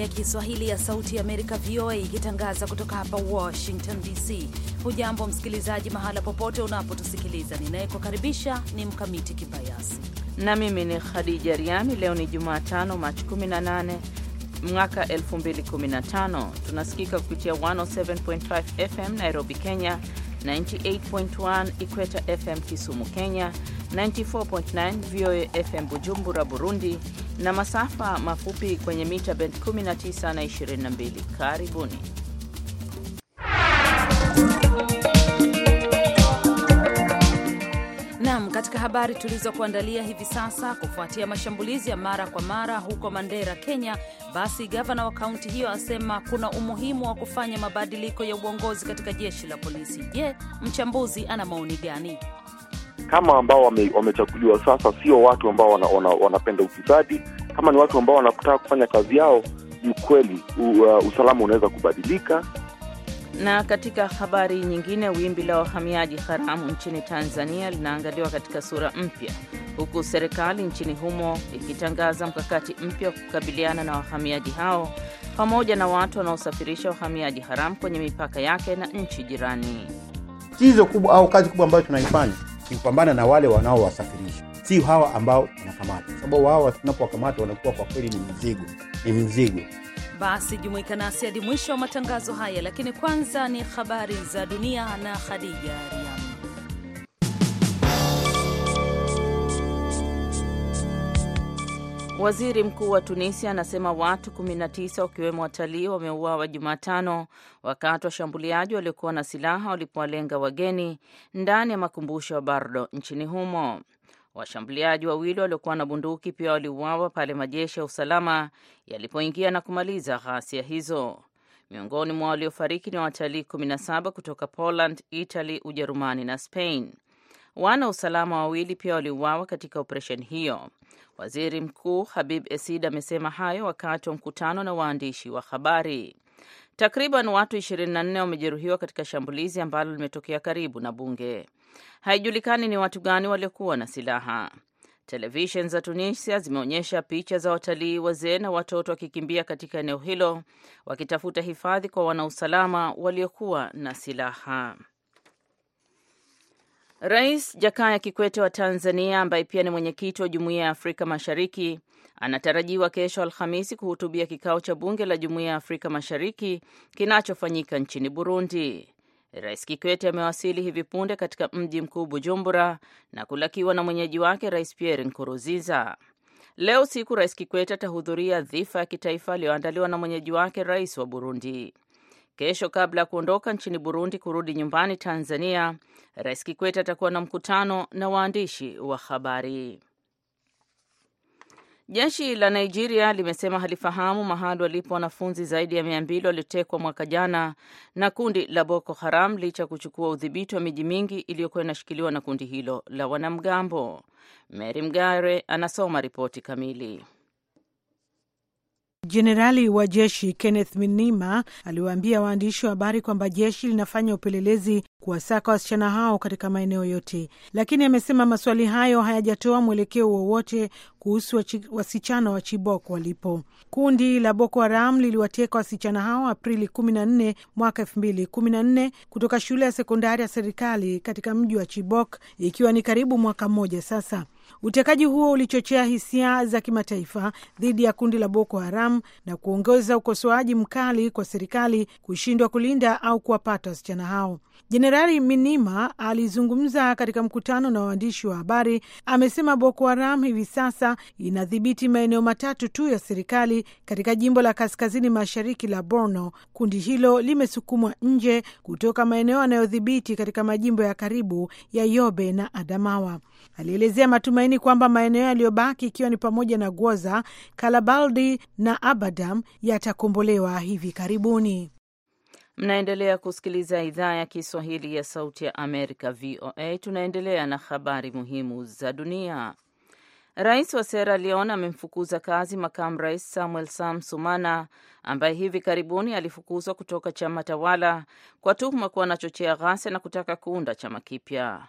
ya Kiswahili ya Sauti ya Amerika, VOA, ikitangaza kutoka hapa Washington DC. Hujambo msikilizaji, mahala popote unapotusikiliza. Ninayekukaribisha ni Mkamiti Kibayasi na mimi ni Khadija Riami. Leo ni Jumatano, Machi 18 mwaka 2015. Tunasikika kupitia 107.5 FM Nairobi, Kenya, 98.1 Ikweta FM Kisumu, Kenya, 94.9 VOA FM Bujumbura, Burundi, na masafa mafupi kwenye mita bend 19 na 22. Karibuni. Naam, katika habari tulizokuandalia hivi sasa, kufuatia mashambulizi ya mara kwa mara huko Mandera, Kenya, basi gavana wa kaunti hiyo asema kuna umuhimu wa kufanya mabadiliko ya uongozi katika jeshi la polisi. Je, mchambuzi ana maoni gani? kama ambao wamechaguliwa wame sasa sio watu ambao wanapenda wana, wana ufisadi, kama ni watu ambao wanataka kufanya kazi yao, ni kweli uh, usalama unaweza kubadilika. Na katika habari nyingine, wimbi la wahamiaji haramu nchini Tanzania linaangaliwa katika sura mpya, huku serikali nchini humo ikitangaza mkakati mpya wa kukabiliana na wahamiaji hao pamoja na watu wanaosafirisha wahamiaji haramu kwenye mipaka yake na nchi jirani. tizo kubwa au kazi kubwa ambayo tunaifanya ni kupambana na wale wanaowasafirisha, si hawa ambao wanakamata, sababu hawa tunapowakamata wanakuwa kwa kweli ni mzigo, ni mzigo. Basi jumuika nasi hadi mwisho wa matangazo haya, lakini kwanza ni habari za dunia na Khadija Riamu. Waziri mkuu wa Tunisia anasema watu 19 wakiwemo watalii wameuawa Jumatano wakati washambuliaji waliokuwa na silaha walipowalenga wageni ndani ya makumbusho ya Bardo nchini humo. Washambuliaji wawili waliokuwa na bunduki pia waliuawa pale majeshi ya usalama yalipoingia na kumaliza ghasia hizo. Miongoni mwa waliofariki ni watalii 17 kutoka Poland, Italy, Ujerumani na Spain. Wana usalama wawili pia waliuawa katika operesheni hiyo. Waziri Mkuu Habib Esid amesema hayo wakati wa mkutano na waandishi wa habari. Takriban watu 24 wamejeruhiwa katika shambulizi ambalo limetokea karibu na bunge. Haijulikani ni watu gani waliokuwa na silaha. televishen za Tunisia zimeonyesha picha za watalii wazee na watoto wakikimbia katika eneo hilo wakitafuta hifadhi kwa wanausalama waliokuwa na silaha. Rais Jakaya Kikwete wa Tanzania ambaye pia ni mwenyekiti wa Jumuiya ya Afrika Mashariki anatarajiwa kesho Alhamisi kuhutubia kikao cha bunge la Jumuiya ya Afrika Mashariki kinachofanyika nchini Burundi. Rais Kikwete amewasili hivi punde katika mji mkuu Bujumbura na kulakiwa na mwenyeji wake Rais Pierre Nkurunziza. Leo siku Rais Kikwete atahudhuria dhifa ya kitaifa aliyoandaliwa na mwenyeji wake Rais wa Burundi. Kesho kabla ya kuondoka nchini Burundi kurudi nyumbani Tanzania, Rais Kikwete atakuwa na mkutano na waandishi wa habari. Jeshi la Nigeria limesema halifahamu mahali walipo wanafunzi zaidi ya mia mbili waliotekwa mwaka jana na kundi la Boko Haram licha ya kuchukua udhibiti wa miji mingi iliyokuwa inashikiliwa na kundi hilo la wanamgambo. Mary Mgare anasoma ripoti kamili. Jenerali wa jeshi Kenneth Minima aliwaambia waandishi wa habari kwamba jeshi linafanya upelelezi kuwasaka wasichana hao katika maeneo yote, lakini amesema maswali hayo hayajatoa mwelekeo wowote kuhusu wasichana wa Chibok walipo. Kundi la Boko Haram liliwateka wasichana hao Aprili 14 mwaka 2014 kutoka shule ya sekondari ya serikali katika mji wa Chibok, ikiwa ni karibu mwaka mmoja sasa. Utekaji huo ulichochea hisia za kimataifa dhidi ya kundi la Boko Haram na kuongeza ukosoaji mkali kwa serikali kushindwa kulinda au kuwapata wasichana hao. Jenerali Minima alizungumza katika mkutano na waandishi wa habari, amesema Boko Haram hivi sasa inadhibiti maeneo matatu tu ya serikali katika jimbo la kaskazini mashariki la Borno. Kundi hilo limesukumwa nje kutoka maeneo yanayodhibiti katika majimbo ya karibu ya Yobe na Adamawa. Alielezea matumaini kwamba maeneo yaliyobaki ikiwa ni pamoja na Gwoza, Kalabaldi na Abadam yatakombolewa hivi karibuni. Mnaendelea kusikiliza idhaa ya Kiswahili ya Sauti ya Amerika, VOA. Tunaendelea na habari muhimu za dunia. Rais wa Sierra Leone amemfukuza kazi makamu rais Samuel Sam Sumana ambaye hivi karibuni alifukuzwa kutoka chama tawala kwa tuhuma kuwa anachochea ghasia na kutaka kuunda chama kipya.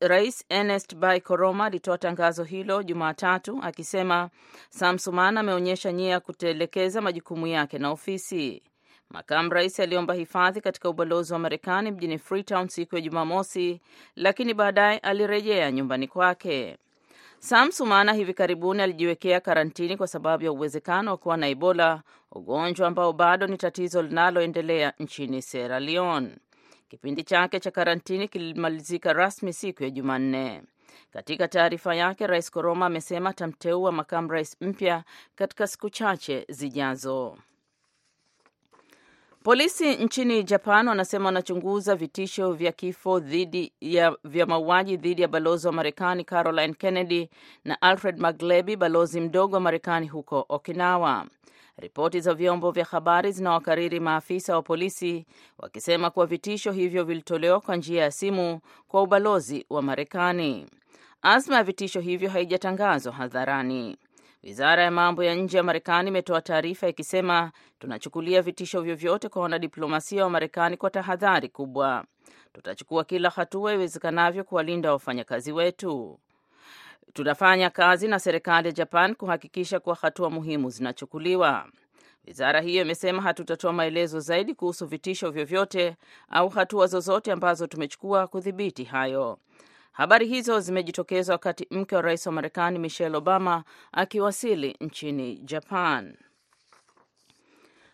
Rais Ernest Bai Koroma alitoa tangazo hilo Jumatatu akisema Samsumana ameonyesha nia ya kutelekeza majukumu yake na ofisi. Makamu rais aliomba hifadhi katika ubalozi wa Marekani mjini Freetown siku ya Jumamosi, lakini baadaye alirejea nyumbani kwake. Sam Sumana hivi karibuni alijiwekea karantini kwa sababu ya uwezekano wa kuwa na Ebola, ugonjwa ambao bado ni tatizo linaloendelea nchini Sierra Leone. Kipindi chake cha karantini kilimalizika rasmi siku ya Jumanne. Katika taarifa yake, Rais Koroma amesema atamteua makamu rais mpya katika siku chache zijazo. Polisi nchini Japan wanasema wanachunguza vitisho vya kifo dhidi ya vya mauaji dhidi ya balozi wa Marekani Caroline Kennedy na Alfred Maglebi, balozi mdogo wa Marekani huko Okinawa. Ripoti za vyombo vya habari zinawakariri maafisa wa polisi wakisema kuwa vitisho hivyo vilitolewa kwa njia ya simu kwa ubalozi wa Marekani. Azma ya vitisho hivyo haijatangazwa hadharani. Wizara ya mambo ya nje ya Marekani imetoa taarifa ikisema, tunachukulia vitisho vyovyote kwa wanadiplomasia wa Marekani kwa tahadhari kubwa. Tutachukua kila hatua iwezekanavyo kuwalinda wafanyakazi wetu. Tunafanya kazi na serikali ya Japan kuhakikisha kuwa hatua muhimu zinachukuliwa. Wizara hiyo imesema hatutatoa maelezo zaidi kuhusu vitisho vyovyote au hatua zozote ambazo tumechukua kudhibiti hayo. Habari hizo zimejitokeza wakati mke wa rais wa Marekani Michelle Obama akiwasili nchini Japan.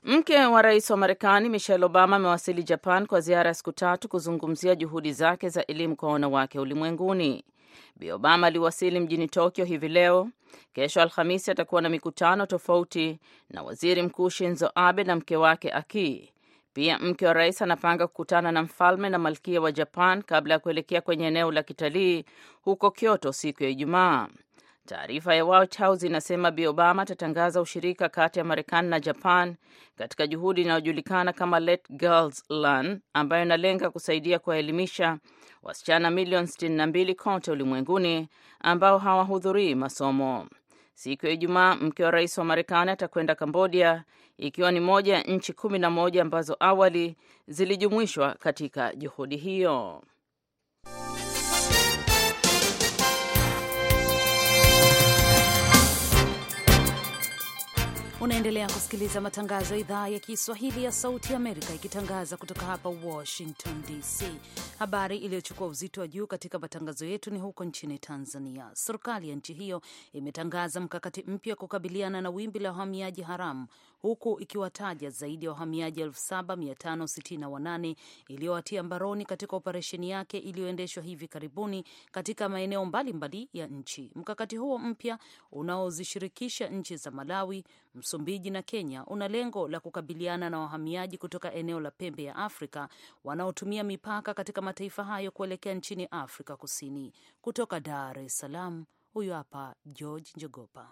Mke wa rais wa Marekani Michelle Obama amewasili Japan kwa ziara ya siku tatu kuzungumzia juhudi zake za elimu kwa wanawake ulimwenguni. Bi Obama aliwasili mjini Tokyo hivi leo. Kesho Alhamisi atakuwa na mikutano tofauti na waziri mkuu Shinzo Abe na mke wake Aki pia mke wa rais anapanga kukutana na mfalme na malkia wa Japan kabla ya kuelekea kwenye eneo la kitalii huko Kyoto siku ya Ijumaa. Taarifa ya White House inasema Bi Obama atatangaza ushirika kati ya Marekani na Japan katika juhudi inayojulikana kama Let Girls Learn, ambayo inalenga kusaidia kuwaelimisha wasichana milioni 62 kote ulimwenguni ambao hawahudhurii masomo. Siku ya Ijumaa, mke wa rais wa Marekani atakwenda Kambodia, ikiwa ni moja ya nchi kumi na moja ambazo awali zilijumuishwa katika juhudi hiyo. Unaendelea kusikiliza matangazo ya idhaa ya Kiswahili ya Sauti Amerika ikitangaza kutoka hapa Washington DC. Habari iliyochukua uzito wa juu katika matangazo yetu ni huko nchini Tanzania. Serikali ya nchi hiyo imetangaza mkakati mpya wa kukabiliana na wimbi la wahamiaji haramu huku ikiwataja zaidi ya wahamiaji 7568 iliyowatia mbaroni katika operesheni yake iliyoendeshwa hivi karibuni katika maeneo mbalimbali ya nchi. Mkakati huo mpya unaozishirikisha nchi za Malawi, Msumbiji na Kenya una lengo la kukabiliana na wahamiaji kutoka eneo la pembe ya Afrika wanaotumia mipaka katika mataifa hayo kuelekea nchini Afrika Kusini. Kutoka Dar es Salaam, huyu hapa George Njogopa.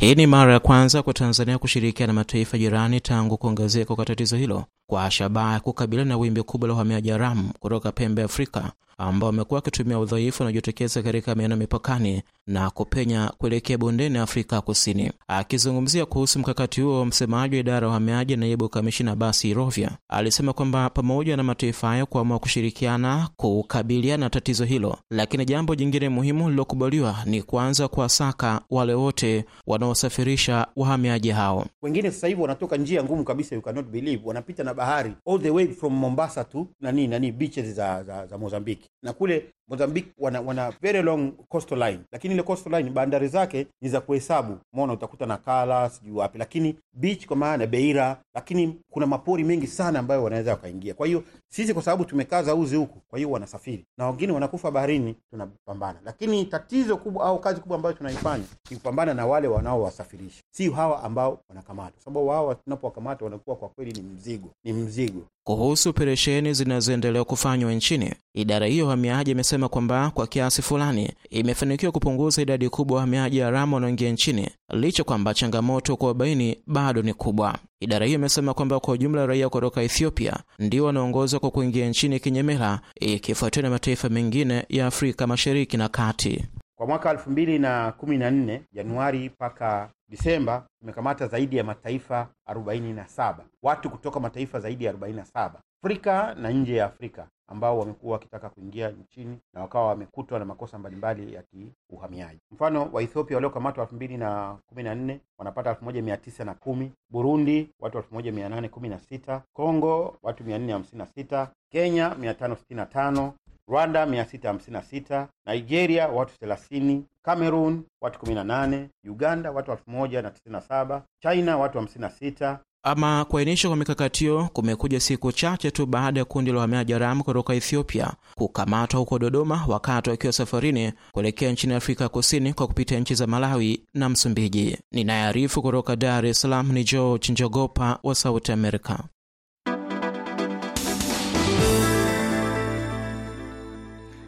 Hii ni mara ya kwanza kwa Tanzania kushirikiana na mataifa jirani tangu kuongezeka kwa tatizo hilo kwa shabaha ya kukabiliana na wimbi kubwa la uhamiaji haramu kutoka pembe Afrika ambao wamekuwa wakitumia udhaifu unaojitokeza katika maeneo mipakani na kupenya kuelekea bondeni Afrika Kusini. Akizungumzia kuhusu mkakati huo, msemaji wa idara ya uhamiaji, naibu kamishina Basi Rovya, alisema kwamba pamoja na mataifa hayo kuamua kushirikiana kukabiliana na tatizo hilo, lakini jambo jingine muhimu lililokubaliwa ni kuanza kuwasaka wale wote wanaosafirisha wahamiaji hao. Wengine sasa hivi wanatoka njia ngumu kabisa, you cannot believe, wanapita na bahari all the way from Mombasa to nani nani beaches za, za, za Mozambiki na kule Mozambique wana, wana very long coastal line, lakini ile coastal line bandari zake ni za kuhesabu. Umeona, utakuta Nakala sijui wapi, lakini beach kwa maana Beira, lakini kuna mapori mengi sana ambayo wanaweza wakaingia. Kwa hiyo sisi kwa sababu tumekaza uzi huku, kwa hiyo wanasafiri na wengine wanakufa baharini, tunapambana. Lakini tatizo kubwa au kazi kubwa ambayo tunaifanya ni kupambana na wale wanaowasafirisha, si hawa ambao wanakamata, sababu wao tunapowakamata wanakuwa kwa kweli ni mzigo, ni mzigo. Kuhusu operesheni zinazoendelea kufanywa nchini, idara hiyo hamiaji imesema amesema kwamba kwa kiasi fulani imefanikiwa kupunguza idadi kubwa ya wahamiaji haramu wanaoingia nchini licha kwamba changamoto kwa ubaini bado ni kubwa. Idara hiyo imesema kwamba kwa ujumla raia kutoka Ethiopia ndio wanaongoza kwa kuingia nchini kinyemela, ikifuatiwa na mataifa mengine ya Afrika Mashariki na Kati. Kwa mwaka 2014 Januari mpaka Disemba tumekamata zaidi ya mataifa 47 watu kutoka mataifa zaidi ya 47 Afrika na nje ya Afrika ambao wamekuwa wakitaka kuingia nchini na wakawa wamekutwa na makosa mbalimbali ya kiuhamiaji. Mfano, Waethiopia waliokamatwa elfu mbili na kumi na nne wanapata elfu moja mia tisa na kumi Burundi watu elfu moja mia nane kumi na sita Kongo watu mia nne hamsini na sita Kenya mia tano sitini na tano Rwanda mia sita hamsini na sita Nigeria watu thelathini Cameroon watu kumi na nane Uganda watu elfu moja na tisini na saba China watu hamsini na sita ama kuainishwa kwa mikakati hiyo kumekuja siku chache tu baada ya kundi la wahamiaji haramu kutoka Ethiopia kukamatwa huko Dodoma wakati wakiwa safarini kuelekea nchini Afrika Kusini kwa kupitia nchi za Malawi na Msumbiji. Ninayearifu kutoka Dar es Salaam ni George Njogopa wa Sauti Amerika.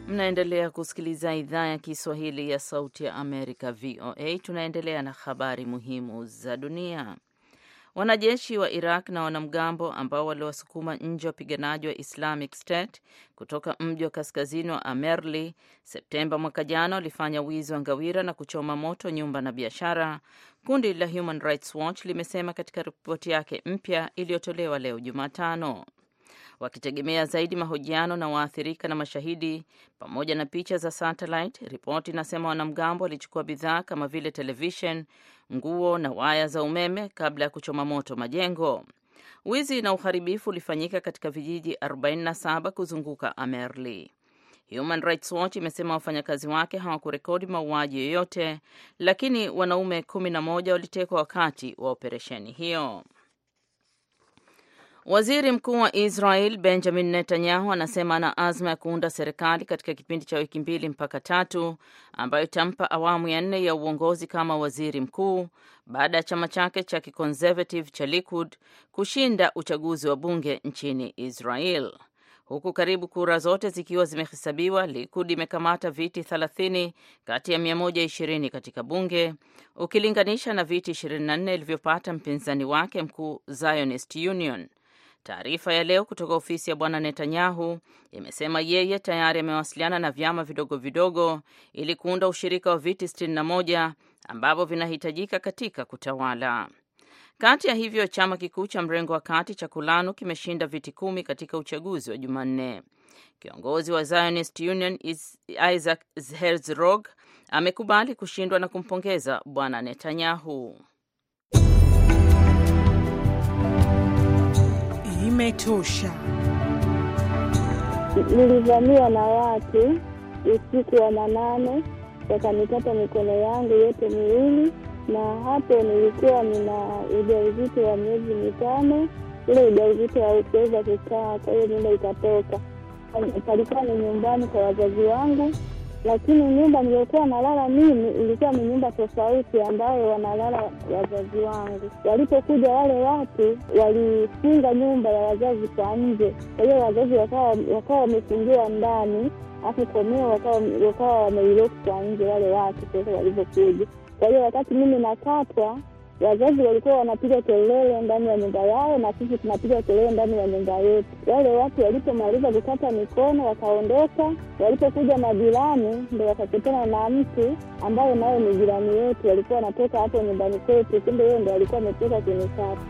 Mnaendelea kusikiliza idhaa ya Kiswahili ya Sauti ya Amerika, VOA. Tunaendelea na habari muhimu za dunia. Wanajeshi wa Iraq na wanamgambo ambao waliwasukuma nje wapiganaji wa Islamic State kutoka mji wa kaskazini wa Amerli Septemba mwaka jana walifanya wizi wa ngawira na kuchoma moto nyumba na biashara, kundi la Human Rights Watch limesema katika ripoti yake mpya iliyotolewa leo Jumatano, wakitegemea zaidi mahojiano na waathirika na mashahidi pamoja na picha za satellite. Ripoti inasema wanamgambo walichukua bidhaa kama vile television, nguo na waya za umeme kabla ya kuchoma moto majengo. Wizi na uharibifu ulifanyika katika vijiji 47 kuzunguka Amerli. Human Rights Watch imesema wafanyakazi wake hawakurekodi mauaji yoyote, lakini wanaume 11 walitekwa wakati wa operesheni hiyo. Waziri Mkuu wa Israel Benjamin Netanyahu anasema ana azma ya kuunda serikali katika kipindi cha wiki mbili mpaka tatu ambayo itampa awamu ya nne ya uongozi kama waziri mkuu baada ya chama chake cha kiconservative cha Likud kushinda uchaguzi wa bunge nchini Israel. Huku karibu kura zote zikiwa zimehesabiwa, Likud imekamata viti 30 kati ya 120 katika bunge, ukilinganisha na viti 24 ilivyopata mpinzani wake mkuu Zionist Union. Taarifa ya leo kutoka ofisi ya bwana Netanyahu imesema yeye tayari amewasiliana na vyama vidogo vidogo ili kuunda ushirika wa viti 61 ambavyo vinahitajika katika kutawala. Kati ya hivyo, chama kikuu cha mrengo wa kati cha Kulanu kimeshinda viti kumi katika uchaguzi wa Jumanne. Kiongozi wa Zionist Union Isaac Herzog amekubali kushindwa na kumpongeza bwana Netanyahu. Imetosha. Nilivamiwa na watu usiku wa manane, wakanikata mikono yangu yote miwili, na hapo nilikuwa nina ujauzito wa miezi mitano. Ule ujauzito haukuweza kukaa, kwa hiyo mimba ikatoka. Palikuwa ni nyumbani kwa wazazi wangu lakini nyumba niliyokuwa nalala mimi ilikuwa ni nyumba tofauti ambayo wanalala wazazi wangu. Walipokuja wale watu, walifunga nyumba ya wazazi kwa nje, kwa hiyo wazazi wakawa wamefungiwa ndani, afu komeo wakawa wameiloki kwa nje wale watu sasa walivyokuja. Kwa hiyo wakati mimi nakatwa wazazi walikuwa wanapiga kelele ndani ya nyumba yao na sisi tunapiga kelele ndani ya nyumba yetu. Wale watu walipomaliza kukata mikono wakaondoka, walipokuja majirani ndo wakakutana na mtu ambaye nayo ni jirani yetu, walikuwa wanatoka hapo nyumbani kwetu, kumbe yeye ndo alikuwa ametoka kwenye kata.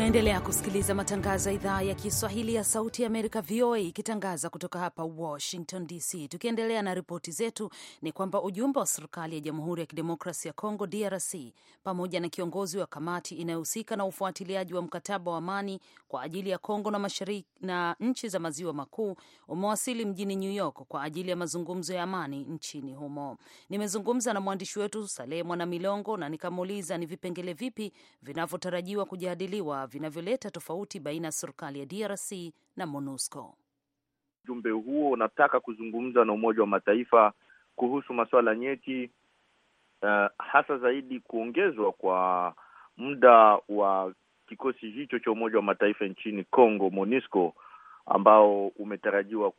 Unaendelea kusikiliza matangazo ya idhaa ya Kiswahili ya Sauti ya Amerika, VOA, ikitangaza kutoka hapa Washington DC. Tukiendelea na ripoti zetu, ni kwamba ujumbe wa serikali ya Jamhuri ya Kidemokrasi ya congo DRC, pamoja na kiongozi wa kamati inayohusika na ufuatiliaji wa mkataba wa amani kwa ajili ya congo na mashariki na nchi za maziwa makuu umewasili mjini New York kwa ajili ya mazungumzo ya amani nchini humo. Nimezungumza na mwandishi wetu Salehe Mwana Milongo na nikamuuliza ni vipengele vipi vinavyotarajiwa kujadiliwa vinavyoleta tofauti baina ya serikali ya DRC na MONUSCO. Ujumbe huo unataka kuzungumza na Umoja wa Mataifa kuhusu masuala nyeti, uh, hasa zaidi kuongezwa kwa muda wa kikosi hicho cha Umoja wa Mataifa nchini Congo, MONUSCO, ambao umetarajiwa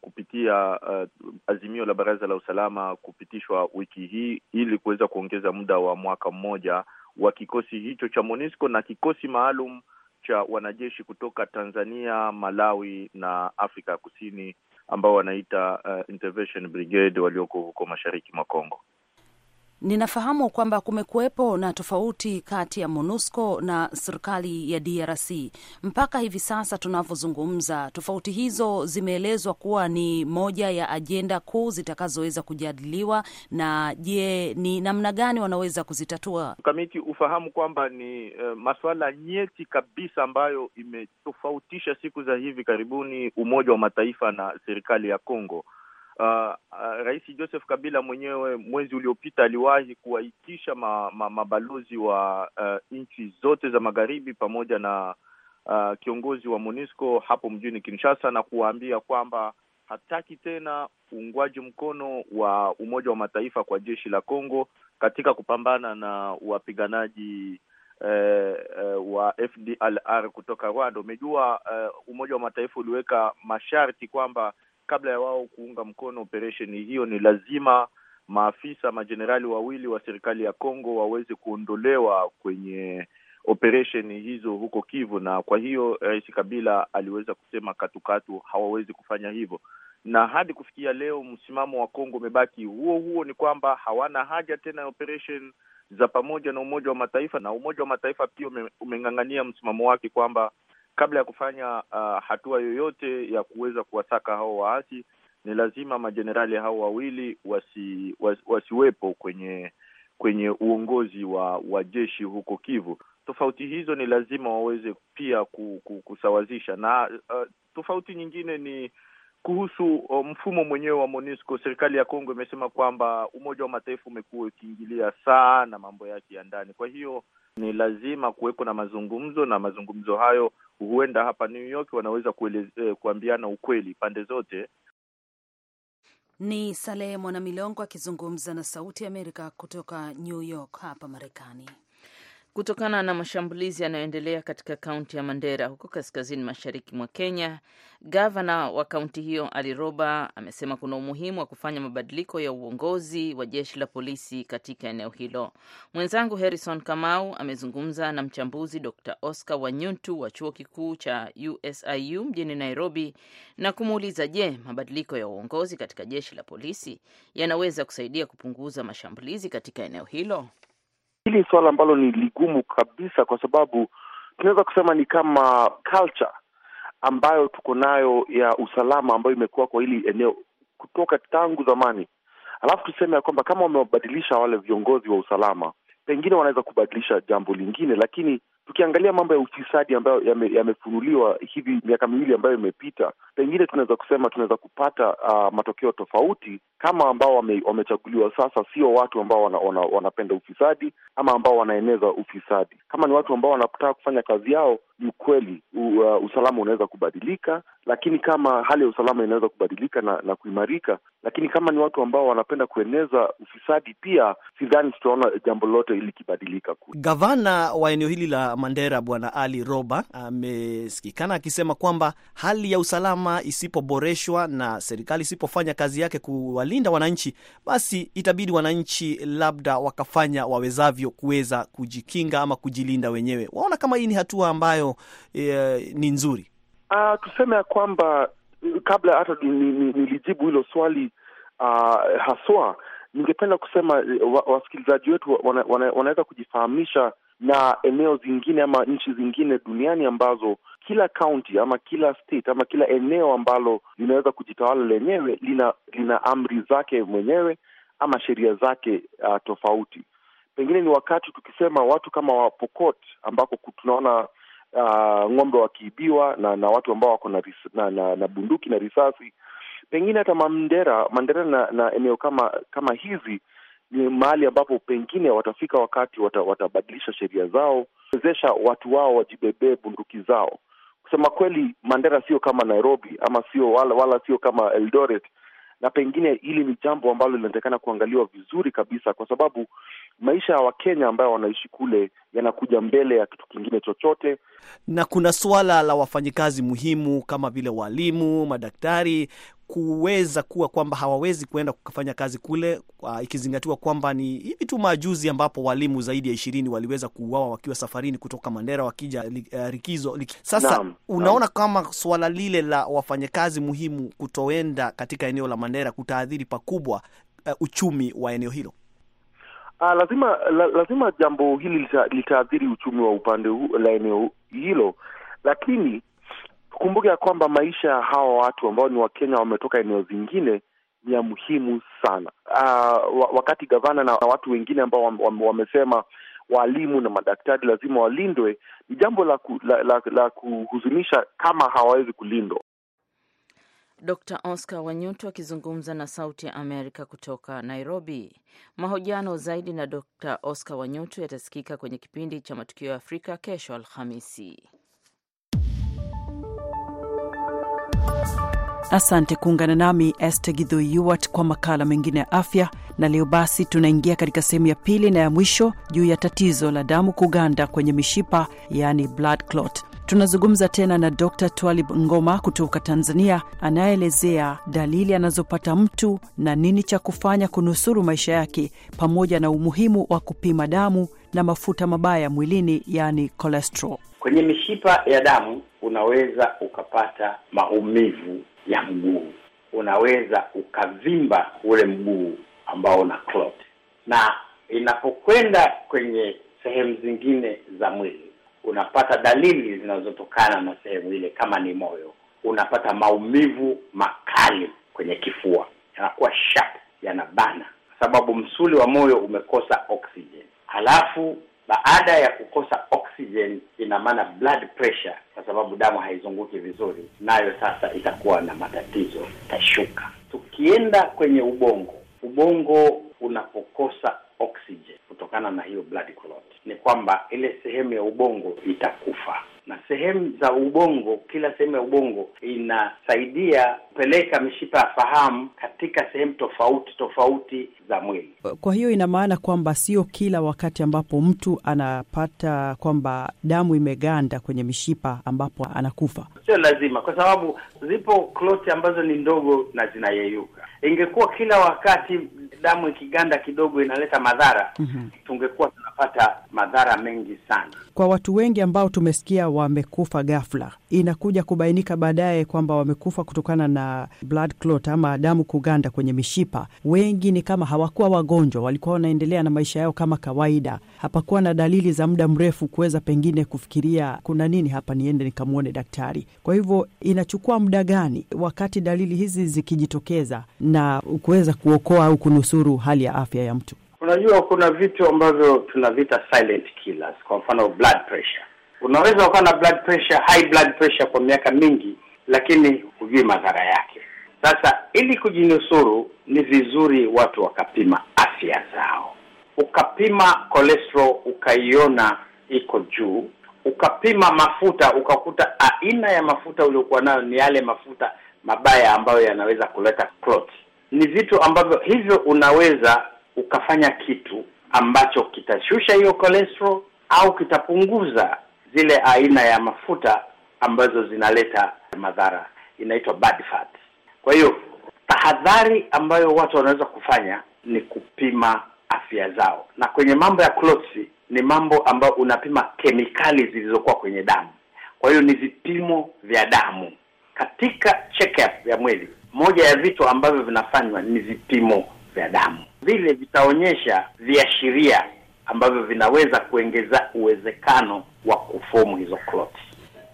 kupitia uh, azimio la Baraza la Usalama kupitishwa wiki hii ili kuweza kuongeza muda wa mwaka mmoja wa kikosi hicho cha MONUSCO na kikosi maalum cha wanajeshi kutoka Tanzania, Malawi na Afrika ya Kusini ambao wanaita uh, Intervention Brigade walioko huko mashariki mwa Kongo. Ninafahamu kwamba kumekuwepo na tofauti kati ya MONUSCO na serikali ya DRC mpaka hivi sasa tunavyozungumza. Tofauti hizo zimeelezwa kuwa ni moja ya ajenda kuu zitakazoweza kujadiliwa. Na je, ni namna gani wanaweza kuzitatua? Kamiti, ufahamu kwamba ni uh, eh, masuala nyeti kabisa ambayo imetofautisha siku za hivi karibuni Umoja wa Mataifa na serikali ya congo Uh, uh, Rais Joseph Kabila mwenyewe mwezi uliopita aliwahi kuwaitisha ma, ma, mabalozi wa uh, nchi zote za magharibi pamoja na uh, kiongozi wa MONUSCO hapo mjini Kinshasa na kuwaambia kwamba hataki tena uungwaji mkono wa Umoja wa Mataifa kwa jeshi la Kongo katika kupambana na wapiganaji Uh, uh, wa FDLR kutoka Rwanda. Umejua uh, Umoja wa Mataifa uliweka masharti kwamba kabla ya wao kuunga mkono operesheni hiyo, ni lazima maafisa majenerali wawili wa serikali ya Kongo waweze kuondolewa kwenye operesheni hizo huko Kivu, na kwa hiyo Rais Kabila aliweza kusema katukatu hawawezi kufanya hivyo, na hadi kufikia leo msimamo wa Kongo umebaki huo huo, ni kwamba hawana haja tena ya operesheni za pamoja na Umoja wa Mataifa, na Umoja wa Mataifa pia umeng'ang'ania msimamo wake kwamba kabla ya kufanya uh, hatua yoyote ya kuweza kuwasaka hao waasi, ni lazima majenerali hao wawili wasi, was, wasiwepo kwenye kwenye uongozi wa, wa jeshi huko Kivu. Tofauti hizo ni lazima waweze pia kusawazisha na uh, tofauti nyingine ni kuhusu uh, mfumo mwenyewe wa MONUSCO. Serikali ya Kongo imesema kwamba Umoja wa Mataifa umekuwa ukiingilia sana mambo yake ya ndani, kwa hiyo ni lazima kuweko na mazungumzo, na mazungumzo hayo huenda hapa New York wanaweza kueleze, eh, kuambiana ukweli pande zote. Ni Salehe Mwanamilongo akizungumza na Sauti ya Amerika kutoka New York hapa Marekani kutokana na mashambulizi yanayoendelea katika kaunti ya Mandera huko kaskazini mashariki mwa Kenya. Gavana wa kaunti hiyo Ali Roba amesema kuna umuhimu wa kufanya mabadiliko ya uongozi wa jeshi la polisi katika eneo hilo. Mwenzangu Harrison Kamau amezungumza na mchambuzi Dr Oscar Wanyuntu wa chuo kikuu cha USIU mjini Nairobi na kumuuliza, je, mabadiliko ya uongozi katika jeshi la polisi yanaweza kusaidia kupunguza mashambulizi katika eneo hilo? Hili suala ambalo ni ligumu kabisa, kwa sababu tunaweza kusema ni kama culture ambayo tuko nayo ya usalama ambayo imekuwa kwa hili eneo kutoka tangu zamani. Alafu tuseme ya kwamba kama wamewabadilisha wale viongozi wa usalama, pengine wanaweza kubadilisha jambo lingine, lakini tukiangalia mambo ya ufisadi ambayo yamefunuliwa yame hivi miaka miwili ambayo imepita, pengine tunaweza kusema tunaweza kupata uh, matokeo tofauti kama ambao wame, wamechaguliwa sasa sio watu ambao wana, wana, wanapenda ufisadi ama ambao wanaeneza ufisadi. Kama ni watu ambao wanataka kufanya kazi yao, ni kweli uh, ah, usalama unaweza kubadilika lakini kama hali ya usalama inaweza kubadilika na, na kuimarika, lakini kama ni watu ambao wanapenda kueneza ufisadi pia, sidhani tutaona jambo lote likibadilika. Gavana wa eneo hili la Mandera Bwana Ali Roba amesikikana akisema kwamba hali ya usalama isipoboreshwa na serikali isipofanya kazi yake kuwalinda wananchi, basi itabidi wananchi labda wakafanya wawezavyo kuweza kujikinga ama kujilinda wenyewe. Waona kama hii ni hatua ambayo e, ni nzuri? Uh, tuseme ya kwamba mm, kabla hata nilijibu hilo swali uh, haswa ningependa kusema eh, wa, wasikilizaji wetu wanaweza wana, wana kujifahamisha na eneo zingine ama nchi zingine duniani ambazo kila kaunti ama kila state ama kila eneo ambalo linaweza kujitawala lenyewe lina, lina amri zake mwenyewe ama sheria zake uh, tofauti. Pengine ni wakati tukisema watu kama wa Pokot ambako tunaona uh, ng'ombe wakiibiwa na na watu ambao wako na, na, na, na bunduki na risasi. Pengine hata Mandera, Mandera na, na eneo kama kama hizi ni mahali ambapo pengine watafika wakati wata, watabadilisha sheria zao wezesha watu wao wajibebee bunduki zao. Kusema kweli, Mandera sio kama Nairobi ama sio wala, wala sio kama Eldoret na pengine hili ni jambo ambalo linatakana kuangaliwa vizuri kabisa, kwa sababu maisha ya Wakenya ambayo wanaishi kule yanakuja mbele ya kitu kingine chochote. Na kuna suala la wafanyikazi muhimu kama vile walimu, madaktari kuweza kuwa kwamba hawawezi kuenda kufanya kazi kule, uh, ikizingatiwa kwamba ni hivi tu majuzi ambapo walimu zaidi ya ishirini waliweza kuuawa wakiwa safarini kutoka Mandera wakija uh, eh, rikizo liki. Sasa naam, unaona naam, kama suala lile la wafanyakazi muhimu kutoenda katika eneo la Mandera kutaadhiri pakubwa uh, uchumi wa eneo hilo. Uh, lazima la, lazima jambo hili litaadhiri uchumi wa upande hu, la eneo hilo, lakini Tukumbuke ya kwamba maisha ya hawa watu ambao ni Wakenya wametoka eneo zingine ni ya muhimu sana. Uh, wakati gavana na watu wengine ambao wamesema waalimu na madaktari lazima walindwe, ni jambo la, ku, la, la, la kuhuzunisha kama hawawezi kulindwa. Dr. Oscar Wanyuto akizungumza na Sauti ya Amerika kutoka Nairobi. Mahojiano zaidi na Dr. Oscar Wanyuto yatasikika kwenye kipindi cha Matukio ya Afrika kesho Alhamisi. Asante kuungana nami Este Gidho Yuwat kwa makala mengine ya afya, na leo basi tunaingia katika sehemu ya pili na ya mwisho juu ya tatizo la damu kuganda kwenye mishipa, yaani blood clot. Tunazungumza tena na Dr Twalib Ngoma kutoka Tanzania, anayeelezea dalili anazopata mtu na nini cha kufanya kunusuru maisha yake, pamoja na umuhimu wa kupima damu na mafuta mabaya mwilini, yaani cholesterol kwenye mishipa ya damu unaweza ukapata maumivu ya mguu, unaweza ukavimba ule mguu ambao una clot, na inapokwenda kwenye sehemu zingine za mwili unapata dalili zinazotokana na sehemu ile. Kama ni moyo, unapata maumivu makali kwenye kifua, yanakuwa sharp, yanabana, kwa sababu msuli wa moyo umekosa oxygen. Halafu baada ya kukosa oxygen, ina maana blood pressure, kwa sababu damu haizunguki vizuri, nayo sasa itakuwa na matatizo, itashuka. Tukienda kwenye ubongo, ubongo unapokosa oxygen kutokana na hiyo blood clot, ni kwamba ile sehemu ya ubongo itakufa na sehemu za ubongo, kila sehemu ya ubongo inasaidia kupeleka mishipa ya fahamu katika sehemu tofauti tofauti za mwili. Kwa hiyo ina maana kwamba sio kila wakati ambapo mtu anapata kwamba damu imeganda kwenye mishipa ambapo anakufa, sio lazima, kwa sababu zipo kloti ambazo ni ndogo na zinayeyuka. Ingekuwa kila wakati damu ikiganda kidogo inaleta madhara, mm -hmm. tungekuwa wanapata madhara mengi sana kwa watu wengi ambao tumesikia wamekufa ghafla. Inakuja kubainika baadaye kwamba wamekufa kutokana na blood clot ama damu kuganda kwenye mishipa. Wengi ni kama hawakuwa wagonjwa, walikuwa wanaendelea na maisha yao kama kawaida, hapakuwa na dalili za muda mrefu kuweza pengine kufikiria kuna nini hapa, niende nikamwone daktari. Kwa hivyo inachukua muda gani wakati dalili hizi zikijitokeza na kuweza kuokoa au kunusuru hali ya afya ya mtu? Unajua, kuna vitu ambavyo tunavita silent killers, kwa mfano blood pressure. Unaweza ukawa na blood pressure, high blood pressure kwa miaka mingi, lakini hujui madhara yake. Sasa ili kujinusuru, ni vizuri watu wakapima afya zao. Ukapima cholesterol ukaiona iko juu, ukapima mafuta ukakuta aina ya mafuta uliokuwa nayo ni yale mafuta mabaya ambayo yanaweza kuleta clot. Ni vitu ambavyo hivyo unaweza ukafanya kitu ambacho kitashusha hiyo cholesterol au kitapunguza zile aina ya mafuta ambazo zinaleta madhara, inaitwa bad fat. Kwa hiyo tahadhari ambayo watu wanaweza kufanya ni kupima afya zao, na kwenye mambo ya clots ni mambo ambayo unapima kemikali zilizokuwa kwenye damu. Kwa hiyo ni vipimo vya damu katika check up ya mwili. Moja ya vitu ambavyo vinafanywa ni vipimo vya damu. Vile vitaonyesha viashiria ambavyo vinaweza kuongeza uwezekano wa kufomu hizo kloti.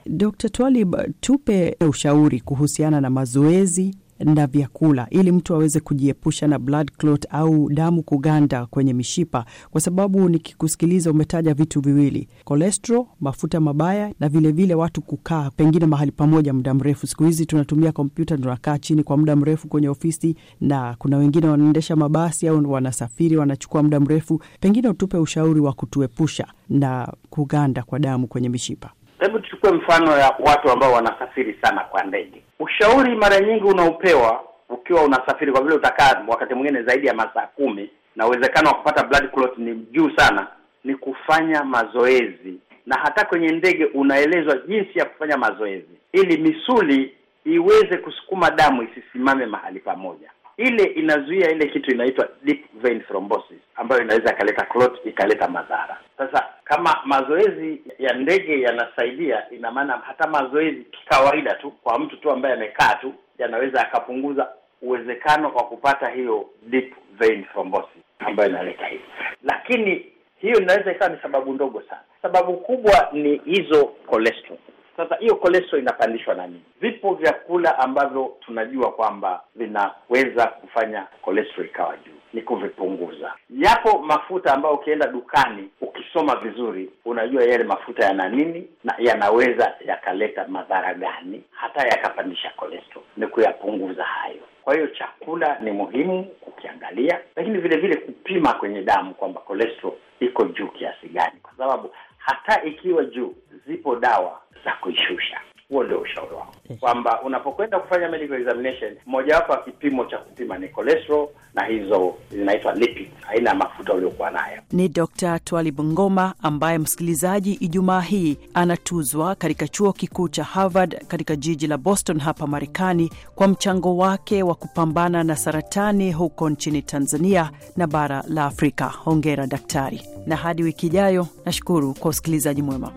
Dr. Twalib, tupe ushauri kuhusiana na mazoezi na vyakula ili mtu aweze kujiepusha na blood clot au damu kuganda kwenye mishipa, kwa sababu nikikusikiliza, umetaja vitu viwili: kolestro mafuta mabaya, na vilevile vile watu kukaa pengine mahali pamoja muda mrefu. Siku hizi tunatumia kompyuta, tunakaa chini kwa muda mrefu kwenye ofisi, na kuna wengine wanaendesha mabasi au wanasafiri, wanachukua muda mrefu. Pengine utupe ushauri wa kutuepusha na kuganda kwa damu kwenye mishipa. Hebu tuchukue mfano ya watu ambao wanasafiri sana kwa ndege. Ushauri mara nyingi unaopewa ukiwa unasafiri, kwa vile utakaa wakati mwingine zaidi ya masaa kumi na uwezekano wa kupata blood clot ni juu sana, ni kufanya mazoezi, na hata kwenye ndege unaelezwa jinsi ya kufanya mazoezi ili misuli iweze kusukuma damu isisimame mahali pamoja. Ile inazuia ile kitu inaitwa deep vein thrombosis ambayo inaweza ikaleta clot ikaleta madhara. Sasa kama mazoezi ya ndege yanasaidia, ina maana hata mazoezi kikawaida tu kwa mtu tu ambaye amekaa tu yanaweza akapunguza uwezekano wa kupata hiyo deep vein thrombosis ambayo inaleta hii, lakini hiyo inaweza ikawa ni sababu ndogo sana. Sababu kubwa ni hizo cholesterol. Sasa hiyo cholesterol inapandishwa na nini? Vipo vyakula ambavyo tunajua kwamba vinaweza kufanya cholesterol ikawa juu, ni kuvipunguza. Yapo mafuta ambayo ukienda dukani ukisoma vizuri unajua yale mafuta yana nini na yanaweza yakaleta madhara gani, hata yakapandisha kolesto Ni kuyapunguza hayo. Kwa hiyo chakula ni muhimu kukiangalia, lakini vile vile kupima kwenye damu kwamba cholesterol iko juu kiasi gani, kwa sababu hata ikiwa juu, zipo dawa za kuishusha. Huo ndio ushauri wangu kwamba unapokwenda kufanya medical examination, mojawapo ya kipimo cha kupima ni cholesterol na hizo zinaitwa lipid, aina ya mafuta uliokuwa nayo. Ni Dr. Twalib Ngoma ambaye msikilizaji, Ijumaa hii anatuzwa katika chuo kikuu cha Harvard katika jiji la Boston hapa Marekani kwa mchango wake wa kupambana na saratani huko nchini Tanzania na bara la Afrika. Hongera daktari, na hadi wiki ijayo. Nashukuru kwa usikilizaji mwema.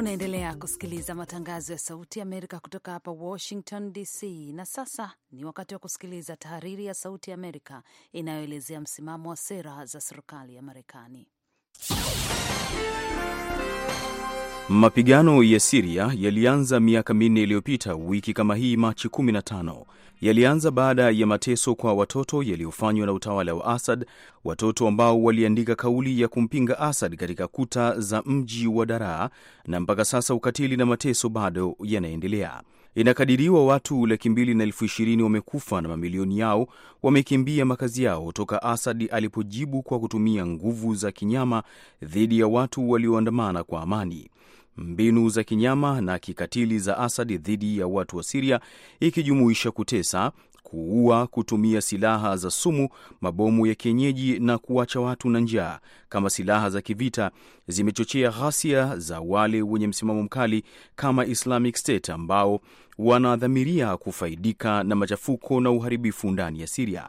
Unaendelea kusikiliza matangazo ya Sauti ya Amerika kutoka hapa Washington DC, na sasa ni wakati wa kusikiliza tahariri ya Sauti ya Amerika inayoelezea msimamo wa sera za serikali ya Marekani. Mapigano ya Siria yalianza miaka minne iliyopita wiki kama hii Machi 15. Yalianza baada ya mateso kwa watoto yaliyofanywa na utawala wa Asad, watoto ambao waliandika kauli ya kumpinga Asad katika kuta za mji wa Daraa, na mpaka sasa ukatili na mateso bado yanaendelea. Inakadiriwa watu laki mbili na elfu ishirini wamekufa na mamilioni yao wamekimbia makazi yao toka Asad alipojibu kwa kutumia nguvu za kinyama dhidi ya watu walioandamana kwa amani. Mbinu za kinyama na kikatili za Asad dhidi ya watu wa Siria ikijumuisha kutesa, kuua, kutumia silaha za sumu, mabomu ya kienyeji na kuacha watu na njaa kama silaha za kivita zimechochea ghasia za wale wenye msimamo mkali kama Islamic State ambao wanadhamiria kufaidika na machafuko na uharibifu ndani ya Siria.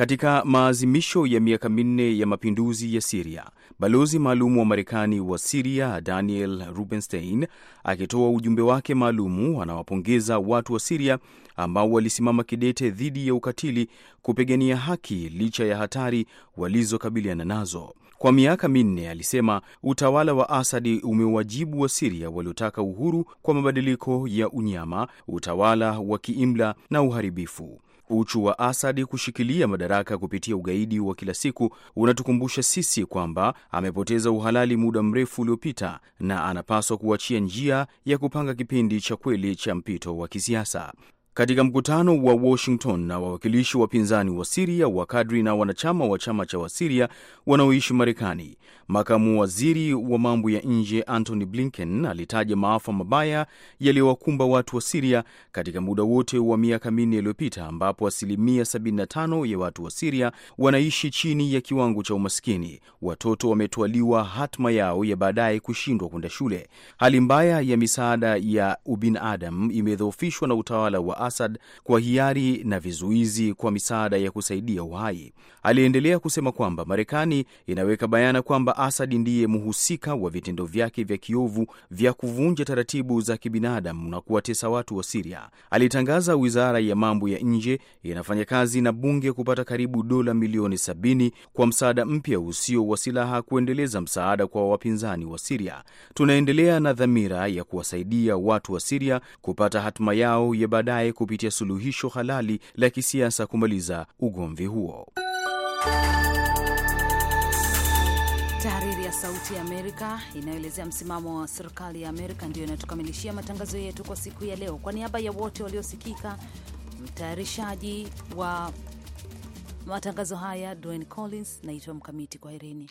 Katika maazimisho ya miaka minne ya mapinduzi ya Siria, balozi maalum wa Marekani wa Siria Daniel Rubenstein akitoa ujumbe wake maalumu, anawapongeza watu wa Siria ambao walisimama kidete dhidi ya ukatili, kupigania haki licha ya hatari walizokabiliana nazo kwa miaka minne. Alisema utawala wa Asadi umewajibu wa Siria waliotaka uhuru kwa mabadiliko ya unyama, utawala wa kiimla na uharibifu. Uchu wa Asad kushikilia madaraka kupitia ugaidi wa kila siku unatukumbusha sisi kwamba amepoteza uhalali muda mrefu uliopita na anapaswa kuachia njia ya kupanga kipindi cha kweli cha mpito wa kisiasa. Katika mkutano wa Washington na wawakilishi wa pinzani wa Siria wa kadri na wanachama wa chama cha Wasiria wanaoishi Marekani, makamu waziri wa mambo ya nje Antony Blinken alitaja maafa mabaya yaliyowakumba watu wa Siria katika muda wote wa miaka minne iliyopita, ambapo asilimia 75 ya watu wa Siria wanaishi chini ya kiwango cha umaskini. Watoto wametwaliwa hatma yao ya baadaye kushindwa kwenda shule. Hali mbaya ya misaada ya ubinadamu imedhoofishwa na utawala wa Assad kwa hiari na vizuizi kwa misaada ya kusaidia uhai. Aliendelea kusema kwamba Marekani inaweka bayana kwamba Assad ndiye mhusika wa vitendo vyake vya kiovu vya kuvunja taratibu za kibinadamu na kuwatesa watu wa Siria. Alitangaza wizara ya mambo ya nje inafanya kazi na bunge kupata karibu dola milioni 70 kwa msaada mpya usio wa silaha kuendeleza msaada kwa wapinzani wa Siria. Tunaendelea na dhamira ya kuwasaidia watu wa Siria kupata hatima yao ya baadaye hatimaye kupitia suluhisho halali la kisiasa kumaliza ugomvi huo. Tahariri ya Sauti ya Amerika inayoelezea msimamo wa serikali ya Amerika ndiyo inatukamilishia matangazo yetu kwa siku ya leo. Kwa niaba ya wote waliosikika, mtayarishaji wa matangazo haya Dwayne Collins, naitwa Mkamiti. Kwaherini.